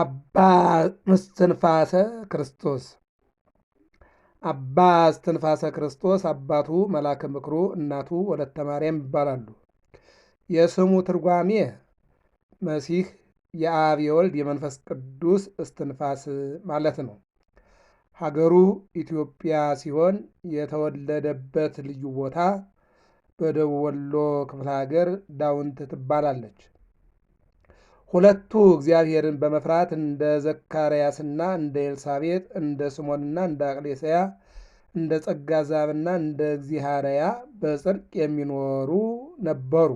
አባ እስትንፋሰ ክርስቶስ አባ እስትንፋሰ ክርስቶስ አባቱ መላከ ምክሩ እናቱ ወለተ ማርያም ይባላሉ። የስሙ ትርጓሜ መሲህ የአብ የወልድ የመንፈስ ቅዱስ እስትንፋስ ማለት ነው። ሀገሩ ኢትዮጵያ ሲሆን የተወለደበት ልዩ ቦታ በደቡብ ወሎ ክፍለ ሀገር ዳውንት ትባላለች። ሁለቱ እግዚአብሔርን በመፍራት እንደ ዘካርያስና እንደ ኤልሳቤጥ እንደ ስሞንና እንደ አቅሌሰያ፣ እንደ ጸጋዛብና እንደ እግዚሃርያ በጽድቅ የሚኖሩ ነበሩ።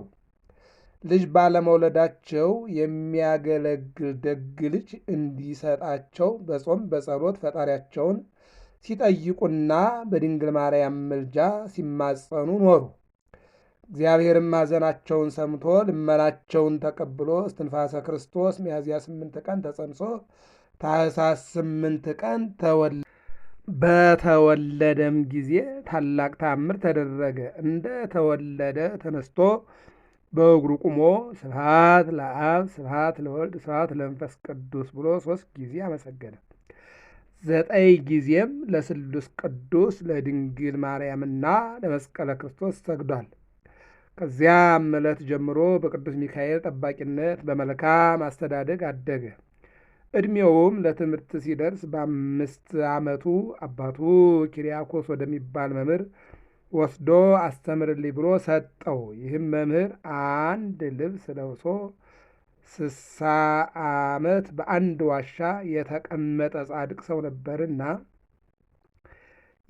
ልጅ ባለመውለዳቸው የሚያገለግል ደግ ልጅ እንዲሰጣቸው በጾም በጸሎት ፈጣሪያቸውን ሲጠይቁና በድንግል ማርያም ምልጃ ሲማጸኑ ኖሩ። እግዚአብሔርም ማዘናቸውን ሰምቶ ልመናቸውን ተቀብሎ እስትንፋሰ ክርስቶስ ሚያዝያ ስምንት ቀን ተጸንሶ ታኅሳስ ስምንት ቀን ተወለ። በተወለደም ጊዜ ታላቅ ታምር ተደረገ። እንደ ተወለደ ተነስቶ በእግሩ ቁሞ ስብሐት ለአብ ስብሐት ለወልድ ስብሐት ለመንፈስ ቅዱስ ብሎ ሶስት ጊዜ አመሰገነ። ዘጠኝ ጊዜም ለስሉስ ቅዱስ ለድንግል ማርያምና ለመስቀለ ክርስቶስ ሰግዷል። ከዚያም ዕለት ጀምሮ በቅዱስ ሚካኤል ጠባቂነት በመልካም አስተዳደግ አደገ። ዕድሜውም ለትምህርት ሲደርስ በአምስት ዓመቱ አባቱ ኪሪያኮስ ወደሚባል መምህር ወስዶ አስተምርልኝ ብሎ ሰጠው። ይህም መምህር አንድ ልብስ ለብሶ ስሳ ዓመት በአንድ ዋሻ የተቀመጠ ጻድቅ ሰው ነበርና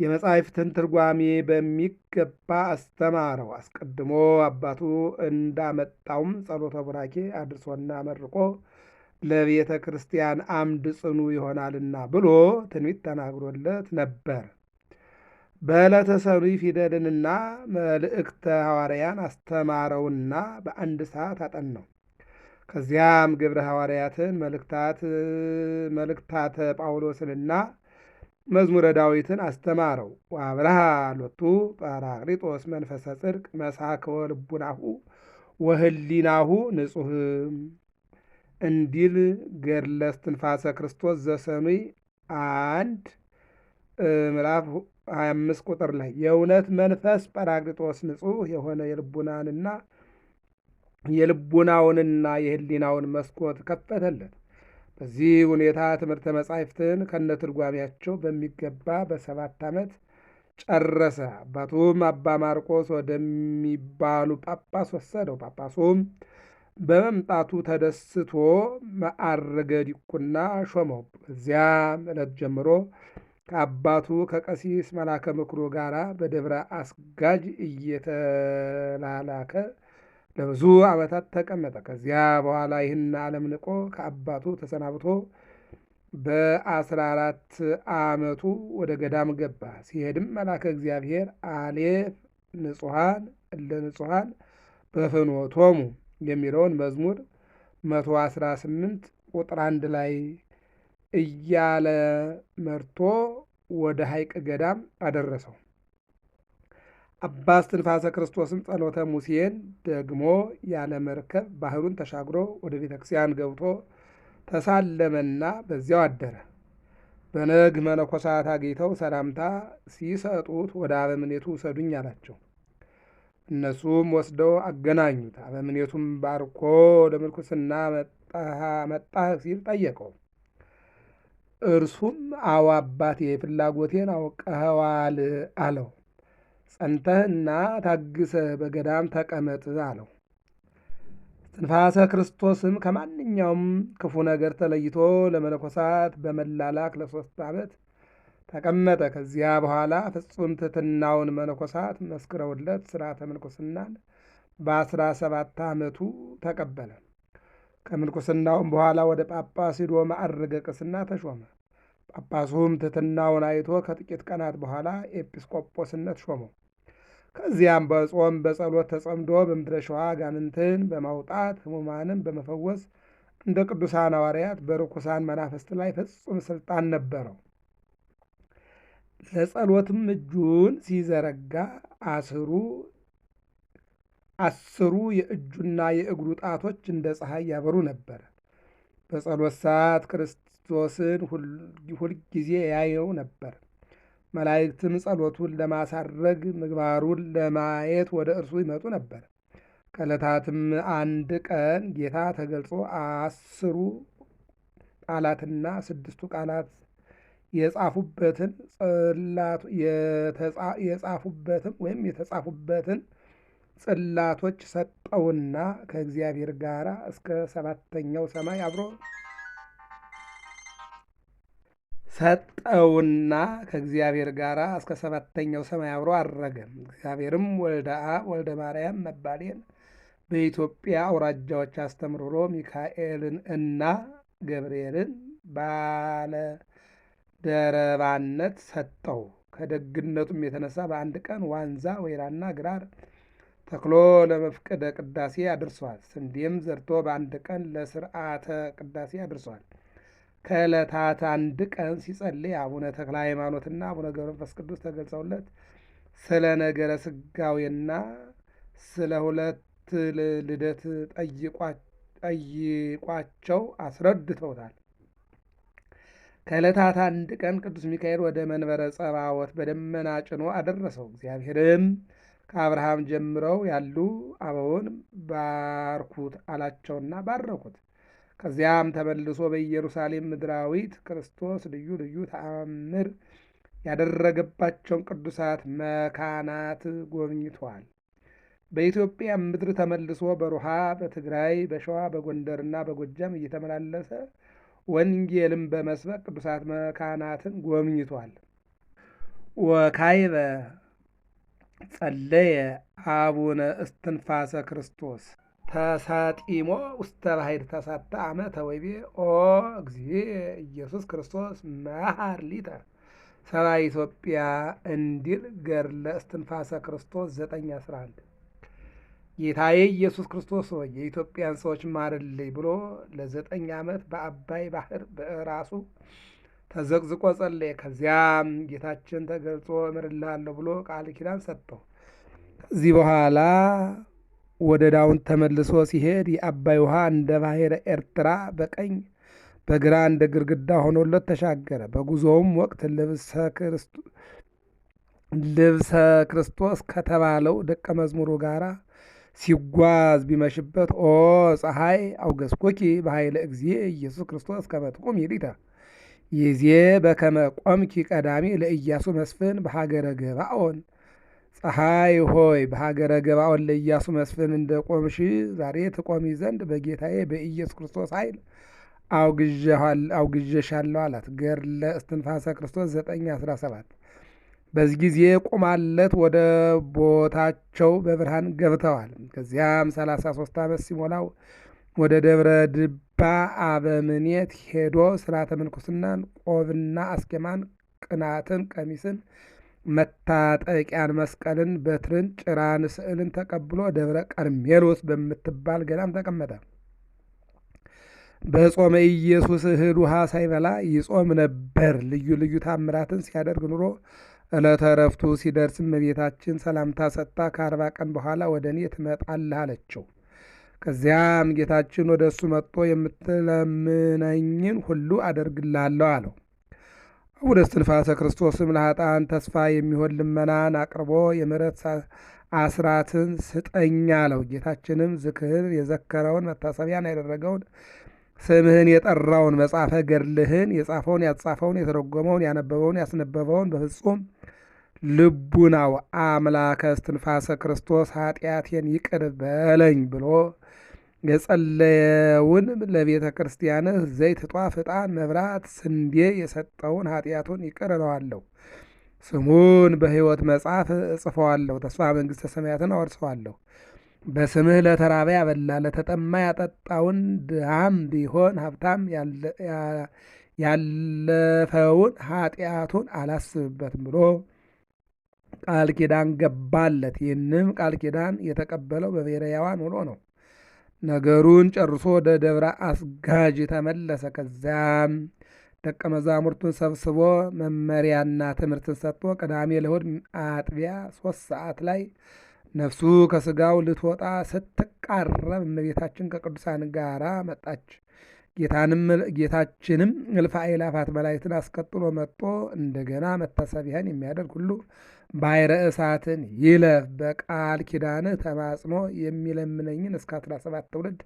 የመጻሕፍትን ትርጓሜ በሚገባ አስተማረው። አስቀድሞ አባቱ እንዳመጣውም ጸሎተ ቡራኬ አድርሶና መርቆ ለቤተ ክርስቲያን አምድ ጽኑ ይሆናልና ብሎ ትንቢት ተናግሮለት ነበር። በዕለተ ሰኑይ ፊደልንና መልእክተ ሐዋርያን አስተማረውና በአንድ ሰዓት አጠናው። ከዚያም ግብረ ሐዋርያትን መልእክታተ ጳውሎስንና መዝሙረ ዳዊትን አስተማረው። ወአብርሃ ሎቱ ጰራቅሊጦስ መንፈሰ ጽድቅ መሳክወ ልቡናሁ ወህሊናሁ ንጹህም እንዲል ገድለ እስትንፋሰ ክርስቶስ ዘሰኑይ አንድ ምዕራፍ 25 ቁጥር ላይ የእውነት መንፈስ ጰራቅሊጦስ ንጹህ የሆነ የልቡናንና የልቡናውንና የህሊናውን መስኮት ከፈተለት። በዚህ ሁኔታ ትምህርተ መጻሕፍትን ትርጓሚያቸው በሚገባ በሰባት ዓመት ጨረሰ። አባቱም አባ ማርቆስ ወደሚባሉ ጳጳስ ወሰደው። ጳጳሱም በመምጣቱ ተደስቶ መዓርገ ዲቁና ሾመው። በዚያም ዕለት ጀምሮ ከአባቱ ከቀሲስ መላከ ምክሩ ጋር በደብረ አስጋጅ እየተላላከ ለብዙ ዓመታት ተቀመጠ። ከዚያ በኋላ ይህን ዓለም ንቆ ከአባቱ ተሰናብቶ በአስራ አራት ዓመቱ ወደ ገዳም ገባ። ሲሄድም መልአከ እግዚአብሔር አሌፍ ንጹሐን እለ ንጹሐን በፍኖቶሙ የሚለውን መዝሙር መቶ አስራ ስምንት ቁጥር አንድ ላይ እያለ መርቶ ወደ ሐይቅ ገዳም አደረሰው። አባ እስትንፋሰ ክርስቶስም ጸሎተ ሙሴን ደግሞ ያለ መርከብ ባህሩን ተሻግሮ ወደ ቤተ ክርስቲያን ገብቶ ተሳለመና በዚያው አደረ። በነግ መነኮሳት አግኝተው ሰላምታ ሲሰጡት ወደ አበምኔቱ ውሰዱኝ አላቸው። እነሱም ወስደው አገናኙት። አበምኔቱም ባርኮ ለምንኩስና መጣህ ሲል ጠየቀው። እርሱም አዎ አባቴ፣ ፍላጎቴን አውቀኸዋል አለው። ጸንተህና ታግሰህ በገዳም ተቀመጥ አለው። ትንፋሰ ክርስቶስም ከማንኛውም ክፉ ነገር ተለይቶ ለመነኮሳት በመላላክ ለሶስት ዓመት ተቀመጠ። ከዚያ በኋላ ፍጹም ትህትናውን መነኮሳት መስክረውለት ሥርዓተ ምንኩስናን በአስራ ሰባት ዓመቱ ተቀበለ። ከምንኩስናውም በኋላ ወደ ጳጳስ ሂዶ ማዕርገ ቅስና ተሾመ። ጳጳሱም ትህትናውን አይቶ ከጥቂት ቀናት በኋላ ኤጲስቆጶስነት ሾመው። ከዚያም በጾም በጸሎት ተጸምዶ በምድረ ሸዋ ጋንንትን በማውጣት ሕሙማንም በመፈወስ እንደ ቅዱሳን ሐዋርያት በርኩሳን መናፍስት ላይ ፍጹም ሥልጣን ነበረው። ለጸሎትም እጁን ሲዘረጋ አስሩ አስሩ የእጁና የእግሩ ጣቶች እንደ ፀሐይ ያበሩ ነበር። በጸሎት ሰዓት ክርስቶስን ሁልጊዜ ያየው ነበር። መላእክትም ጸሎቱን ለማሳረግ ምግባሩን ለማየት ወደ እርሱ ይመጡ ነበር። ከዕለታትም አንድ ቀን ጌታ ተገልጾ አስሩ ቃላትና ስድስቱ ቃላት የጻፉበትን ጽላቱ የጻፉበትን ወይም የተጻፉበትን ጽላቶች ሰጠውና ከእግዚአብሔር ጋር እስከ ሰባተኛው ሰማይ አብሮ ሰጠውና ከእግዚአብሔር ጋር እስከ ሰባተኛው ሰማይ አብሮ አረገ። እግዚአብሔርም ወልደ አብ ወልደ ማርያም መባሌን በኢትዮጵያ አውራጃዎች አስተምርሮ ሚካኤልን እና ገብርኤልን ባለደረባነት ሰጠው። ከደግነቱም የተነሳ በአንድ ቀን ዋንዛ ወይራና ግራር ተክሎ ለመፍቀደ ቅዳሴ አድርሷል። ስንዴም ዘርቶ በአንድ ቀን ለስርዓተ ቅዳሴ አድርሷል። ከዕለታት አንድ ቀን ሲጸልይ አቡነ ተክለ ሃይማኖትና አቡነ ገብረ መንፈስ ቅዱስ ተገልጸውለት ስለ ነገረ ስጋዌና ስለ ሁለት ልደት ጠይቋቸው አስረድተውታል። ከዕለታት አንድ ቀን ቅዱስ ሚካኤል ወደ መንበረ ጸባወት በደመና ጭኖ አደረሰው። እግዚአብሔርም ከአብርሃም ጀምረው ያሉ አበውን ባርኩት አላቸውና ባረኩት። ከዚያም ተመልሶ በኢየሩሳሌም ምድራዊት ክርስቶስ ልዩ ልዩ ተአምር ያደረገባቸውን ቅዱሳት መካናት ጎብኝቷል። በኢትዮጵያ ምድር ተመልሶ በሩሃ፣ በትግራይ፣ በሸዋ፣ በጎንደርና በጎጃም እየተመላለሰ ወንጌልም በመስበክ ቅዱሳት መካናትን ጎብኝቷል። ወካይበ ጸለየ አቡነ እስትንፋሰ ክርስቶስ ተሳጢሞ ውስተ ባሕይድ ተሳተ አመ ተወይቤ ኦ እግዚእ ኢየሱስ ክርስቶስ መሐር ሊተ ኢትዮጵያ እንዲል ገድለ እስትንፋሰ ክርስቶስ ዘጠኝ አስራ አንድ ጌታዬ ኢየሱስ ክርስቶስ ሆይ የኢትዮጵያን ሰዎች ማርልኝ ብሎ ለዘጠኝ ዓመት በአባይ ባህር በራሱ ተዘቅዝቆ ጸለየ። ከዚያም ጌታችን ተገልጾ እምርልሃለሁ ብሎ ቃል ኪዳን ሰጠው። ከዚህ በኋላ ወደ ዳውን ተመልሶ ሲሄድ የአባይ ውሃ እንደ ባሕረ ኤርትራ በቀኝ በግራ እንደ ግርግዳ ሆኖለት ተሻገረ። በጉዞውም ወቅት ልብሰ ክርስቶስ ከተባለው ደቀ መዝሙሩ ጋር ሲጓዝ ቢመሽበት ኦ ፀሐይ አውገስኮኪ በኃይለ እግዚእ ኢየሱስ ክርስቶስ ከመ ትቁም ይዜ በከመ ቆምኪ ቀዳሚ ለኢያሱ መስፍን በሀገረ ገባኦን ፀሐይ ሆይ በሀገረ ገባኦን ለኢያሱ መስፍን እንደ ቆምሽ ዛሬ ትቆሚ ዘንድ በጌታዬ በኢየሱስ ክርስቶስ ኃይል አውግዤሻለሁ አላት። ገድለ እስትንፋሰ ክርስቶስ 917 በዚህ ጊዜ ቁማለት ወደ ቦታቸው በብርሃን ገብተዋል። ከዚያም 33 ዓመት ሲሞላው ወደ ደብረ ድባ አበምኔት ሄዶ ስርዓተ ምንኩስናን ቆብና አስኬማን ቅናትን ቀሚስን መታጠቂያን፣ መስቀልን፣ በትርን፣ ጭራን፣ ስዕልን ተቀብሎ ደብረ ቀርሜሎስ በምትባል ገዳም ተቀመጠ። በጾመ ኢየሱስ እህል ውሃ ሳይበላ ይጾም ነበር። ልዩ ልዩ ታምራትን ሲያደርግ ኑሮ ዕለተ ዕረፍቱ ሲደርስም እመቤታችን ሰላምታ ሰጥታ ከአርባ ቀን በኋላ ወደ እኔ ትመጣለህ አለችው። ከዚያም ጌታችን ወደ እሱ መጥቶ የምትለምነኝን ሁሉ አደርግላለሁ አለው። አቡነ እስትንፋሰ ክርስቶስም ለኃጥአን ተስፋ የሚሆን ልመናን አቅርቦ የምሕረት አስራትን ስጠኝ አለው። ጌታችንም ዝክህን የዘከረውን መታሰቢያን ያደረገውን ስምህን የጠራውን መጽሐፈ ገድልህን የጻፈውን ያጻፈውን የተረጎመውን ያነበበውን ያስነበበውን በፍጹም ልቡናው አምላከ እስትንፋሰ ክርስቶስ ኃጢአቴን ይቅር በለኝ ብሎ የጸለየውን ለቤተ ክርስቲያንህ ዘይት፣ ጧፍ፣ ዕጣን፣ መብራት፣ ስንዴ የሰጠውን ኃጢአቱን ይቅር እለዋለሁ። ስሙን በሕይወት መጽሐፍ እጽፈዋለሁ፣ ተስፋ መንግሥተ ሰማያትን አወርሰዋለሁ። በስምህ ለተራበ ያበላ ለተጠማ ያጠጣውን ድሃም ቢሆን ሀብታም ያለፈውን ኃጢአቱን አላስብበትም ብሎ ቃል ኪዳን ገባለት። ይህንም ቃል ኪዳን የተቀበለው በብሔረ ሕያዋን ውሎ ነው። ነገሩን ጨርሶ ወደ ደብረ አስጋጅ ተመለሰ። ከዚያም ደቀ መዛሙርቱን ሰብስቦ መመሪያና ትምህርትን ሰጥቶ ቅዳሜ ለእሑድ አጥቢያ ሦስት ሰዓት ላይ ነፍሱ ከስጋው ልትወጣ ስትቃረብ እመቤታችን ከቅዱሳን ጋራ መጣች። ጌታችንም እልፍ አእላፋት መላእክትን አስቀጥሎ መጥቶ እንደገና መታሰቢያን የሚያደርግ ሁሉ ባሕረ እሳትን ይለፍ በቃል ኪዳንህ ተማጽኖ የሚለምነኝን እስከ አስራ ሰባት ትውልድ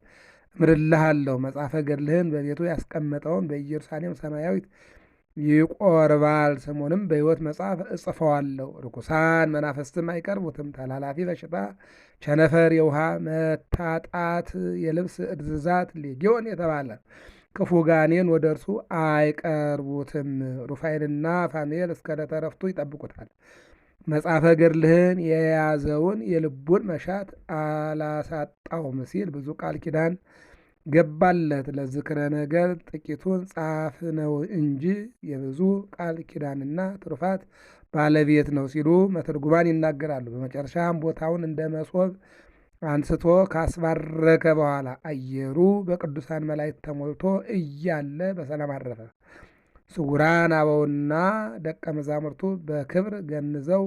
እምርልሃለሁ መጽሐፈ ገድልህን በቤቱ ያስቀመጠውን በኢየሩሳሌም ሰማያዊት ይቆርባል። ስሙንም በሕይወት መጽሐፍ እጽፈዋለሁ። ርኩሳን መናፈስትም አይቀርቡትም። ተላላፊ በሽታ፣ ቸነፈር፣ የውሃ መታጣት፣ የልብስ እድዝዛት፣ ሌጊዮን የተባለ ክፉ ጋኔን ወደ እርሱ አይቀርቡትም። ሩፋኤልና ፋኑኤል እስከ ለተረፍቱ ይጠብቁታል። መጽሐፈ ገድልህን የያዘውን የልቡን መሻት አላሳጣውም ሲል ብዙ ቃል ኪዳን ገባለት ለዝክረ ነገር ጥቂቱን ጻፍ ነው እንጂ የብዙ ቃል ኪዳንና ትሩፋት ባለቤት ነው ሲሉ መተርጉማን ይናገራሉ። በመጨረሻም ቦታውን እንደ መሶብ አንስቶ ካስባረከ በኋላ አየሩ በቅዱሳን መላእክት ተሞልቶ እያለ በሰላም አረፈ። ስውራን አበውና ደቀ መዛሙርቱ በክብር ገንዘው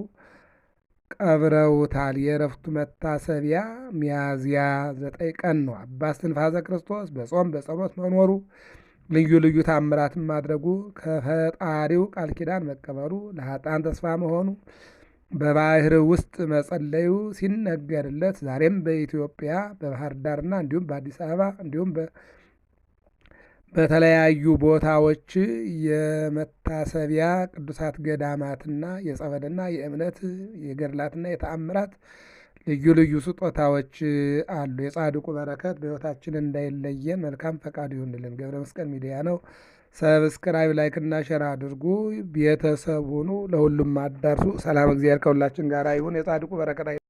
ቀብረውታል። የእረፍቱ መታሰቢያ ሚያዝያ ዘጠኝ ቀን ነው። አባ እስትንፋሰ ክርስቶስ በጾም በጸሎት መኖሩ ልዩ ልዩ ታምራትን ማድረጉ ከፈጣሪው ቃል ኪዳን መቀበሉ ለሀጣን ተስፋ መሆኑ በባህር ውስጥ መጸለዩ ሲነገርለት ዛሬም በኢትዮጵያ በባህር ዳርና እንዲሁም በአዲስ አበባ እንዲሁም በተለያዩ ቦታዎች የመታሰቢያ ቅዱሳት ገዳማትና የጸበልና የእምነት የገድላትና የተአምራት ልዩ ልዩ ስጦታዎች አሉ። የጻድቁ በረከት በሕይወታችን እንዳይለየን መልካም ፈቃዱ ይሁንልን። ገብረ መስቀል ሚዲያ ነው። ሰብስክራይብ፣ ላይክና ሸር አድርጉ። ቤተሰብ ሁኑ። ለሁሉም አዳርሱ። ሰላም እግዚአብሔር ከሁላችን ጋር ይሁን። የጻድቁ በረከት